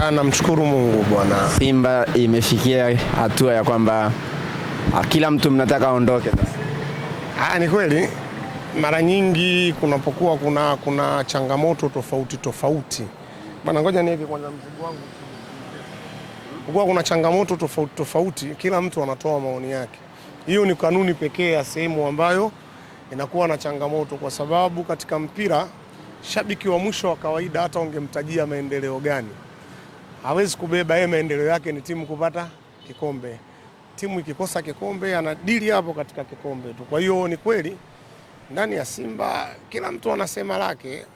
Ah, namshukuru Mungu bwana. Simba imefikia hatua ya kwamba ah, kila mtu mnataka aondoke sasa. Ah, ni kweli mara nyingi kunapokuwa kuna, kuna changamoto tofauti tofauti bana, ngoja niweke kwanza mzigo wangu. Kuwa kuna changamoto tofauti tofauti, kila mtu anatoa maoni yake. Hiyo ni kanuni pekee ya sehemu ambayo inakuwa na changamoto, kwa sababu katika mpira shabiki wa mwisho wa kawaida, hata ungemtajia maendeleo gani hawezi kubeba yeye, maendeleo yake ni timu kupata kikombe. Timu ikikosa kikombe ana anadili hapo katika kikombe tu. Kwa hiyo ni kweli ndani ya Simba kila mtu anasema lake.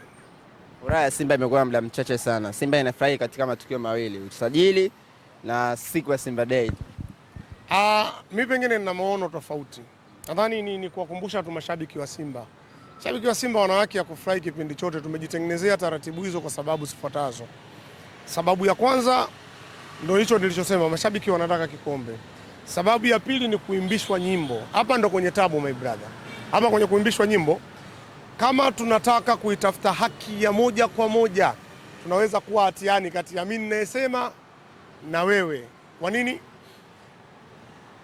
Furaha ya Simba imekuwa muda mchache sana. Simba inafurahi katika matukio mawili, usajili na siku ya Simba Day. Ah, mi pengine nina maono tofauti. Nadhani ni, ni kuwakumbusha tu mashabiki wa Simba. Shabiki wa Simba wanawake ya kufurahi kipindi chote. Tumejitengenezea taratibu hizo kwa sababu zifuatazo. Sababu ya kwanza ndio hicho nilichosema, mashabiki wanataka kikombe. Sababu ya pili ni kuimbishwa nyimbo. Hapa ndo kwenye tabu my brother, hapa kwenye kuimbishwa nyimbo. Kama tunataka kuitafuta haki ya moja kwa moja, tunaweza kuwa hatiani kati ya mimi ninayesema na wewe. Kwa nini?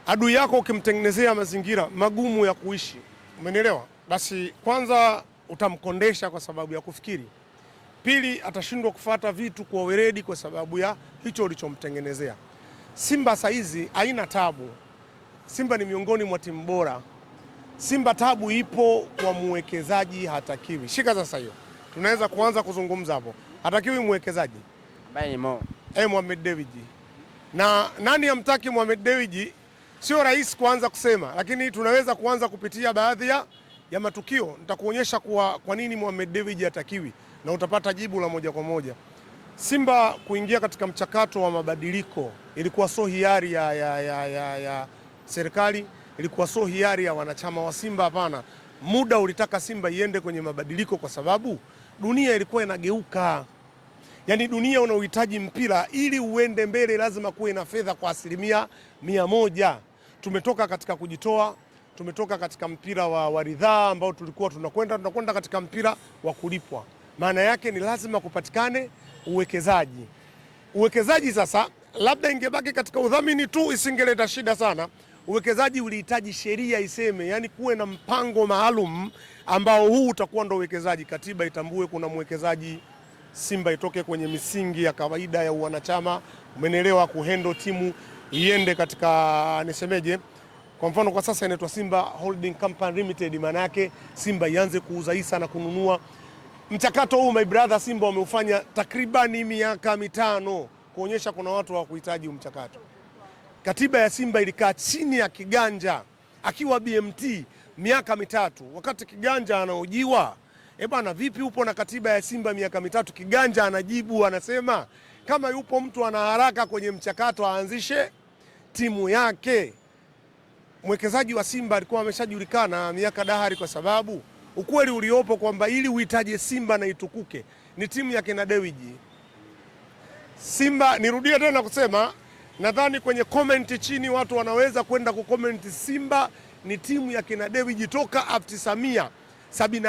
Adui yako ukimtengenezea mazingira magumu ya kuishi, umenielewa? Basi kwanza utamkondesha kwa sababu ya kufikiri Pili, atashindwa kufata vitu kwa weledi kwa sababu ya hicho ulichomtengenezea. Simba saizi haina tabu. Simba ni miongoni mwa timu bora. Simba tabu ipo kwa mwekezaji, hatakiwi. Shika sasa hiyo, tunaweza kuanza kuzungumza hapo. Hatakiwi mwekezaji eh, Mohamed Dewji. Na nani amtaki Mohamed Dewji? Sio rahisi kuanza kusema, lakini tunaweza kuanza kupitia baadhi ya matukio. Nitakuonyesha kwa, kwa nini Mohamed Dewji hatakiwi na utapata jibu la moja kwa moja. Simba kuingia katika mchakato wa mabadiliko ilikuwa so hiari ya, ya, ya, ya, ya serikali, ilikuwa so hiari ya wanachama wa Simba. Hapana, muda ulitaka Simba iende kwenye mabadiliko kwa sababu dunia ilikuwa inageuka. Yaani dunia unaohitaji mpira ili uende mbele lazima kuwe na fedha kwa asilimia mia moja. Tumetoka katika kujitoa, tumetoka katika mpira wa waridhaa ambao tulikuwa tunakwenda tunakwenda katika mpira wa kulipwa maana yake ni lazima kupatikane uwekezaji. Uwekezaji sasa, labda ingebaki katika udhamini tu, isingeleta shida sana. Uwekezaji ulihitaji sheria iseme, yani kuwe na mpango maalum ambao huu utakuwa ndo uwekezaji. Katiba itambue kuna mwekezaji, Simba itoke kwenye misingi ya kawaida ya uwanachama, umenelewa, kuhendo timu iende katika nisemeje, kwa mfano kwa sasa inaitwa Simba Holding Company Limited, maana yake Simba ianze kuuza hisa na kununua Mchakato huu my brother Simba wameufanya takribani miaka mitano kuonyesha kuna watu kuhitaji mchakato. Katiba ya Simba ilikaa chini ya Kiganja akiwa BMT miaka mitatu, wakati Kiganja anaojiwa e eh bwana, vipi upo na katiba ya Simba miaka mitatu? Kiganja anajibu anasema, kama yupo mtu ana haraka kwenye mchakato aanzishe timu yake. Mwekezaji wa Simba alikuwa ameshajulikana miaka dahari, kwa sababu ukweli uliopo kwamba ili uhitaje Simba na itukuke ni timu ya kina Dewiji. Simba, nirudie tena kusema, nadhani kwenye komenti chini watu wanaweza kwenda kukomenti Simba ni timu ya kina Dewiji toka afti Samia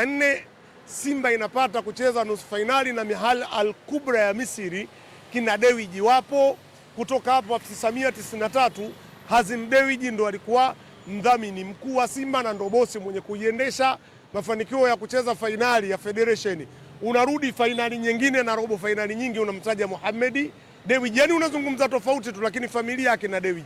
nne Simba inapata kucheza nusu fainali na Mihal Al Kubra ya Misri. Kina Dewiji wapo kutoka hapo afti Samia 93. Hazim Dewiji ndo alikuwa mdhamini mkuu wa Simba na ndo bosi mwenye kuiendesha mafanikio ya kucheza fainali ya Federation, unarudi fainali nyingine na robo fainali nyingi, unamtaja Mohamed Dewji. Yani unazungumza tofauti tu, lakini familia yake na Dewji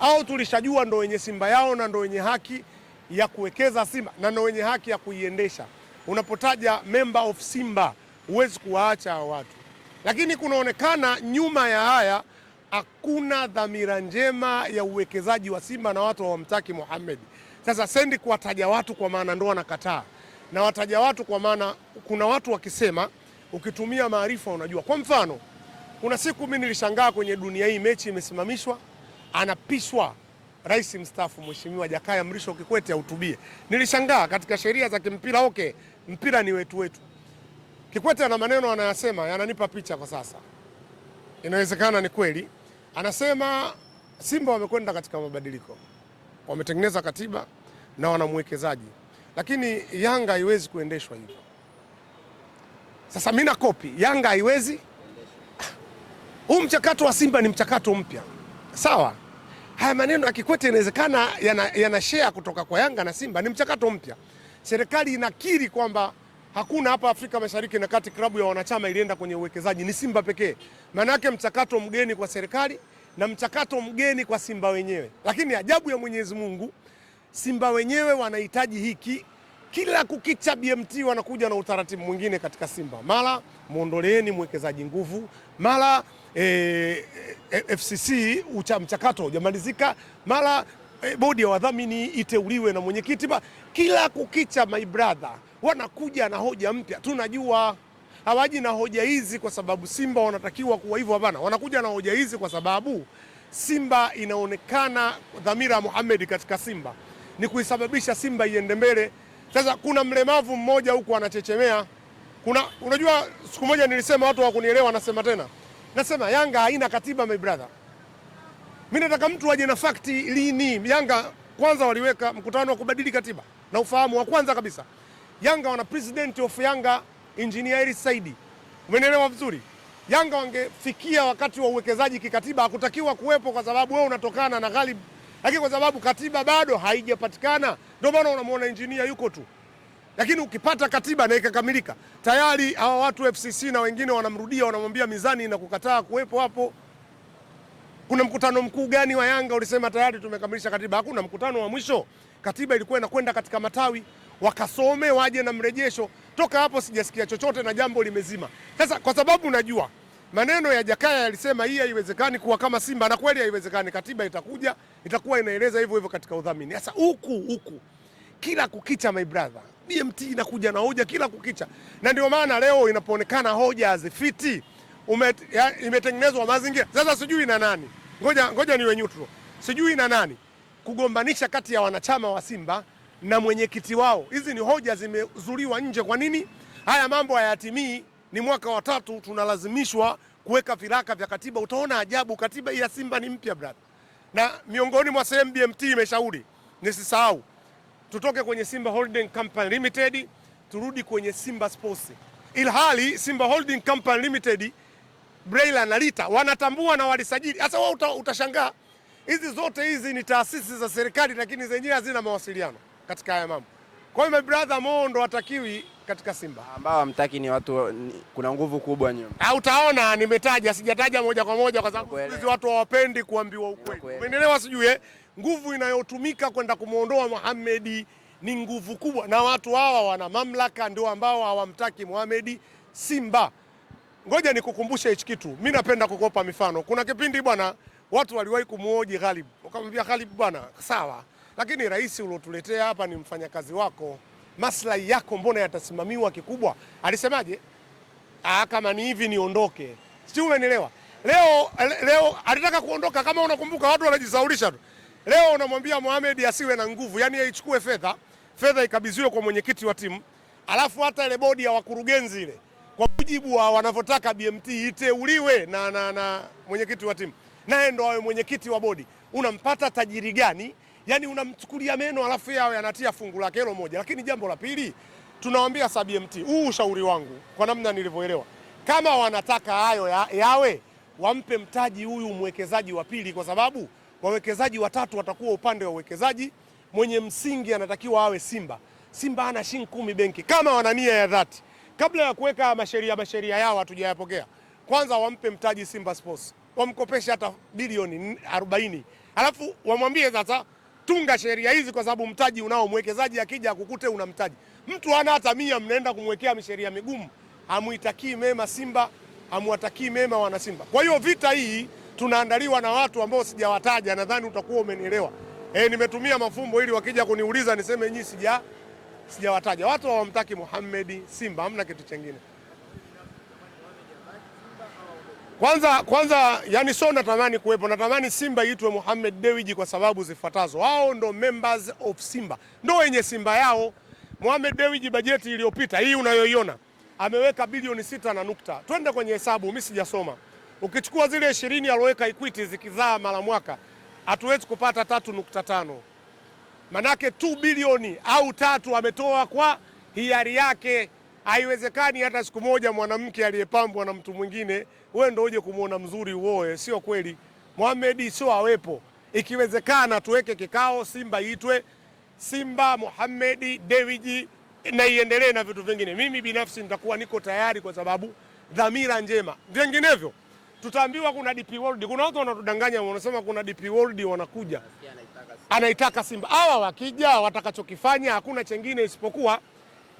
au tulishajua ndo wenye Simba yao na ndo wenye haki ya kuwekeza Simba na ndo wenye haki ya kuiendesha. Unapotaja member of Simba huwezi kuwaacha watu, lakini kunaonekana nyuma ya haya hakuna dhamira njema ya uwekezaji wa Simba na watu hawamtaki Mohamed. Sasa sendi kuwataja watu kwa maana ndo wanakataa, na wataja watu kwa maana kuna watu wakisema, ukitumia maarifa unajua. Kwa mfano, kuna siku mimi nilishangaa kwenye dunia hii, mechi imesimamishwa, anapishwa rais mstaafu Mheshimiwa Jakaya Mrisho Kikwete ahutubie. Nilishangaa katika sheria za kimpira, okay, mpira ni wetu wetu. Kikwete ana maneno anayasema yananipa picha kwa sasa, inawezekana ni kweli. Anasema Simba wamekwenda katika mabadiliko wametengeneza katiba na wana mwekezaji, lakini Yanga haiwezi kuendeshwa hivyo. Sasa mimi nakopi Yanga haiwezi. Huu mchakato wa Simba ni mchakato mpya, sawa. Haya maneno ya Kikwete inawezekana yana, yana share kutoka kwa Yanga na Simba, ni mchakato mpya. Serikali inakiri kwamba hakuna hapa Afrika Mashariki na Kati klabu ya wanachama ilienda kwenye uwekezaji, ni Simba pekee. Maana yake mchakato mgeni kwa serikali na mchakato mgeni kwa Simba wenyewe, lakini ajabu ya Mwenyezi Mungu, Simba wenyewe wanahitaji hiki kila kukicha. BMT wanakuja na utaratibu mwingine katika Simba, mara muondoleeni mwekezaji nguvu, mara e, eh, e, eh, FCC ucha mchakato hujamalizika, mara e, eh, bodi ya wadhamini iteuliwe na mwenyekiti. Kila kukicha, my brother, wanakuja na hoja mpya, tunajua hawaji na hoja hizi kwa sababu Simba wanatakiwa kuwa hivyo. Hapana, wanakuja na hoja hizi kwa sababu Simba inaonekana dhamira ya Mohamed katika Simba ni kuisababisha Simba iende mbele. Sasa kuna mlemavu mmoja huku anachechemea. Kuna unajua, siku moja nilisema watu hawakunielewa, nasema tena, nasema Yanga haina katiba my brother. Mimi nataka mtu aje na fakti. Lini Yanga kwanza waliweka mkutano wa kubadili katiba? Na ufahamu wa kwanza kabisa, Yanga wana president of Yanga engineer Saidi, Said. Umeelewa vizuri? Yanga wangefikia wakati wa uwekezaji kikatiba, hakutakiwa kuwepo kwa sababu wewe unatokana na Ghalib, lakini kwa sababu katiba bado haijapatikana, ndio maana unamwona engineer yuko tu. Lakini ukipata katiba na ikakamilika, tayari hawa watu FCC na wengine wanamrudia, wanamwambia mizani na kukataa kuwepo hapo. Kuna mkutano mkuu gani wa Yanga ulisema tayari tumekamilisha katiba? Hakuna mkutano wa mwisho. Katiba ilikuwa inakwenda katika matawi wakasome, waje na mrejesho. Toka hapo sijasikia chochote na jambo limezima. Sasa kwa sababu najua maneno ya Jakaya yalisema hii haiwezekani kuwa kama Simba, na kweli haiwezekani. Katiba itakuja itakuwa inaeleza hivyo hivyo katika udhamini. Sasa huku huku kila kukicha, my brother, BMT inakuja na hoja kila kukicha, na ndio maana leo inapoonekana hoja hazifiti, imetengenezwa mazingira sasa. Sijui na nani, ngoja ngoja niwe neutral, sijui na nani kugombanisha kati ya wanachama wa Simba na mwenyekiti wao. Hizi ni hoja zimezuliwa nje. Kwa nini haya mambo hayatimii? Ni mwaka wa tatu tunalazimishwa kuweka viraka vya katiba. Utaona ajabu, katiba ya Simba ni mpya brother, na miongoni mwa sehemu BMT imeshauri nisisahau, tutoke kwenye Simba Holding Company Limited turudi kwenye Simba Sports, ilhali Simba Holding Company Limited Braila na Lita wanatambua na walisajili. Sasa wewe utashangaa hizi zote hizi ni taasisi za serikali, lakini zenyewe hazina mawasiliano katika haya mambo. Kwa hiyo my brother Mo ndo hatakiwi katika Simba. Ambao hamtaki ni watu ni, kuna nguvu kubwa nyuma. Ah, utaona nimetaja, sijataja moja kwa moja kwa sababu hizi watu hawapendi kuambiwa ukweli. Umeelewa sijui eh? Nguvu inayotumika kwenda kumuondoa Mohamed ni nguvu kubwa na watu hawa wana mamlaka ndio ambao hawamtaki Mohamed Simba. Ngoja nikukumbushe hichi kitu. Mimi napenda kukopa mifano. Kuna kipindi bwana watu waliwahi kumuoji Ghalib. Wakamwambia Ghalib bwana, sawa lakini rais uliotuletea hapa ni mfanyakazi wako, maslahi yako mbona yatasimamiwa kikubwa? Alisemaje? Ah, kama ni hivi niondoke, si umenielewa. Leo leo alitaka kuondoka, kama unakumbuka, watu wanajisaulisha tu. Leo unamwambia Mohamed asiwe na nguvu, yani aichukue ya fedha fedha ikabidhiwe kwa mwenyekiti wa timu, alafu hata ile bodi ya wakurugenzi ile kwa mujibu wa wanavyotaka BMT iteuliwe na, na, na mwenyekiti wa timu naye ndo awe mwenyekiti wa bodi. Unampata tajiri gani? Yaani unamchukulia meno alafu yao yanatia fungu lake hilo moja. Lakini jambo la pili tunawaambia SBMT, huu ushauri wangu kwa namna nilivyoelewa, kama wanataka hayo ya, yawe wampe mtaji huyu mwekezaji wa pili, kwa sababu wawekezaji watatu watakuwa upande wa uwekezaji. Mwenye msingi anatakiwa awe Simba. Simba ana shilingi kumi benki. Kama wana nia ya dhati, kabla ya kuweka masheria masheria yao hatujayapokea, kwanza wampe mtaji Simba Sports, wamkopeshe hata bilioni 40 alafu wamwambie sasa tunga sheria hizi, kwa sababu mtaji unao. Mwekezaji akija akukute una mtaji, mtu hana hata mia, mnaenda kumwekea sheria migumu. Hamuitakii mema Simba, hamuwatakii mema wana Simba. Kwa hiyo vita hii tunaandaliwa na watu ambao sijawataja, nadhani utakuwa umenielewa. E, nimetumia mafumbo ili wakija kuniuliza niseme nyinyi sija sijawataja. Watu hawamtaki Muhammad Simba, hamna kitu chengine. Kwanza kwanza, yani so natamani kuwepo, natamani Simba iitwe Mohamed Dewji kwa sababu zifuatazo. Wao ndo members of Simba, ndo wenye Simba yao. Mohamed Dewji bajeti iliyopita hii unayoiona ameweka bilioni sita na nukta, twende kwenye hesabu, mimi sijasoma. Ukichukua zile ishirini aloweka Equity zikizaa mara mwaka hatuwezi kupata tatu nukta tano manake 2 bilioni au tatu ametoa kwa hiari yake. Haiwezekani hata siku moja mwanamke aliyepambwa na mtu mwingine wewe ndio uje kumwona mzuri uoe, sio kweli. Mohamed sio awepo. Ikiwezekana tuweke kikao, Simba itwe Simba Mohamed Dewiji na iendelee na vitu vingine. Mimi binafsi nitakuwa niko tayari kwa sababu dhamira njema. Vinginevyo tutaambiwa kuna DP World. Kuna watu wanatudanganya wanasema kuna DP World wanakuja, anaitaka Simba. Hawa wakija watakachokifanya hakuna chengine isipokuwa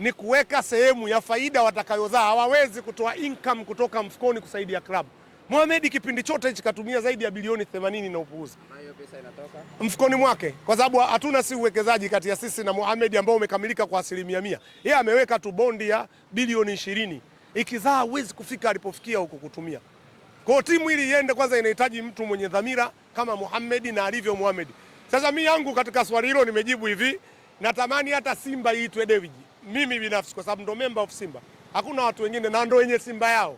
ni kuweka sehemu ya faida watakayozaa. Hawawezi kutoa income kutoka mfukoni kusaidia klabu. Mohamed kipindi chote hichi katumia zaidi ya bilioni 80 na upuuzi. mfukoni mwake, kwa sababu hatuna si uwekezaji kati ya sisi na Mohamed ambao umekamilika kwa asilimia mia. Yeye ameweka tu bondi ya bilioni ishirini ikizaa huwezi kufika alipofikia huko kutumia. Kwa timu ili iende, kwanza inahitaji mtu mwenye dhamira kama Mohamed na alivyo Mohamed. Sasa mimi yangu katika swali hilo nimejibu hivi, natamani hata Simba iitwe Dewiji mimi binafsi, kwa sababu ndo memba of Simba, hakuna watu wengine na ndo wenye Simba yao.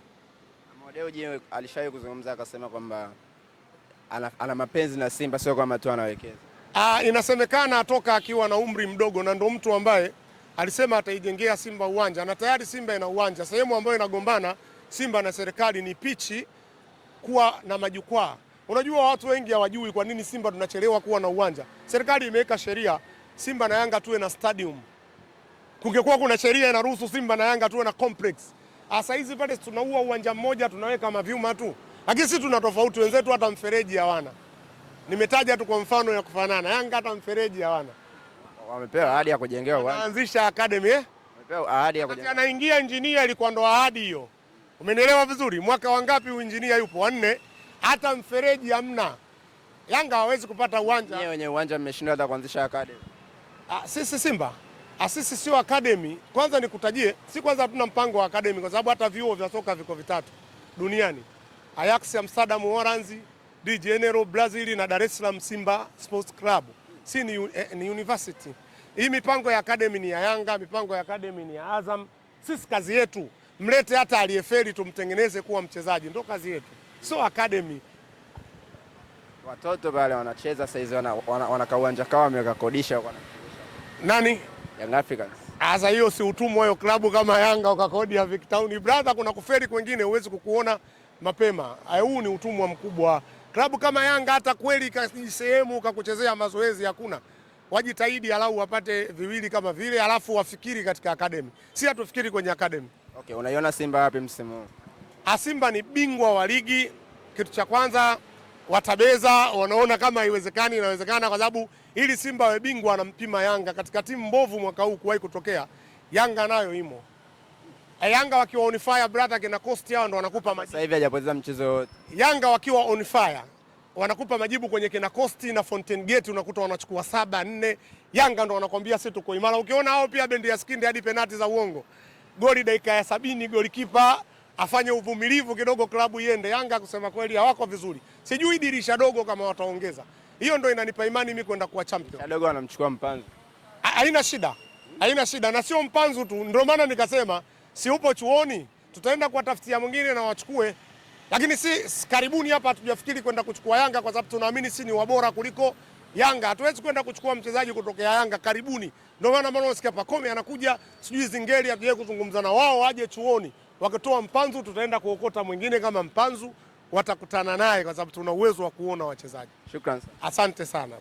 Dewji alishawahi kuzungumza akasema kwamba ana, ana mapenzi na Simba, sio kwamba tu anawekeza. Ah, inasemekana atoka akiwa na umri mdogo, na ndo mtu ambaye alisema ataijengea Simba uwanja, na tayari Simba ina uwanja. Sehemu ambayo inagombana Simba na serikali ni pichi kuwa na majukwaa. Unajua, watu wengi hawajui kwa nini Simba tunachelewa kuwa na uwanja. Serikali imeweka sheria Simba na Yanga tuwe na stadium. Kungekuwa kuna sheria inaruhusu Simba na Yanga tuwe na complex. Asa ah, hizi pale tunaua uwanja mmoja tunaweka mavyuma tu. Lakini sisi tuna tofauti wenzetu hata mfereji hawana. Nimetaja tu kwa mfano ya kufanana. Yanga hata mfereji hawana. Wamepewa ahadi ya kujengewa uwanja. anaanzisha academy eh? Wamepewa ahadi ya kujengewa. Anaingia engineer, ilikuwa ndo ahadi hiyo. Umenielewa vizuri? Mwaka wangapi engineer yupo? Wanne. Hata mfereji hamna. Yanga hawezi kupata uwanja. Wenye uwanja mmeshindwa hata kuanzisha academy. Ah, sisi Simba Asisi sio academy. Kwanza nikutajie, si kwanza hatuna mpango wa academy kwa sababu hata vyuo vya soka viko vitatu duniani: Ajax Amsterdam Orange, Rio de Janeiro Brazil na Dar es Salaam Simba Sports Club. Si ni, eh, ni university. Hii mipango ya academy ni ya Yanga, mipango ya academy ni ya Azam. Sisi kazi yetu mlete hata aliyefeli tumtengeneze kuwa mchezaji, ndio kazi yetu, sio academy. Watoto pale wanacheza saizi, wana, wana, wana kauanja kao wamekakodisha nani Young Africans. Sasa hiyo si utumwa hiyo, klabu kama Yanga ukakodi ya Vic Town brother, kuna kuferi kwingine huwezi kukuona mapema. Huu ni utumwa mkubwa. Klabu kama Yanga hata kweli kasehemu kakuchezea mazoezi hakuna, wajitahidi alau wapate viwili kama vile, alafu wafikiri katika academy, si hatufikiri kwenye academy. Okay, unaiona Simba wapi msimu huu? Ah, Simba ni bingwa wa ligi, kitu cha kwanza watabeza, wanaona kama haiwezekani, inawezekana kwa sababu ili Simba awe bingwa anampima Yanga katika timu mbovu mwaka huu kuwahi kutokea. Yanga nayo imo. Eh, Yanga wakiwa on fire brother, kina cost yao ndo wanakupa majibu. Sasa hivi hajapoteza mchezo wote. Yanga wakiwa on fire wanakupa majibu kwenye kina cost na Fountain Gate, unakuta wanachukua saba nne. Yanga ndo wanakwambia sisi tuko imara. Ukiona hao pia bendi ya skindi hadi penati za uongo, goli dakika ya sabini, golikipa afanye uvumilivu kidogo, klabu iende. Yanga kusema kweli hawako vizuri, sijui dirisha dogo kama wataongeza hiyo ndio inanipa imani mimi kwenda kuwa champion. Kadogo anamchukua mpanzu, haina shida, haina shida. Na sio mpanzu tu, ndio maana nikasema si upo chuoni, tutaenda kuwatafutia mwingine na wachukue, lakini si karibuni hapa hatujafikiri kwenda kuchukua Yanga kwa sababu tunaamini si ni wabora kuliko Yanga. Hatuwezi kwenda kuchukua mchezaji kutokea Yanga karibuni. Ndio maana mbona unasikia Pacome anakuja, sijui Zingeli, atuje kuzungumza na wao, aje chuoni. Wakitoa mpanzu, tutaenda kuokota mwingine kama mpanzu watakutana naye kwa sababu tuna uwezo wa kuona wachezaji. Shukrani sana. Asante sana.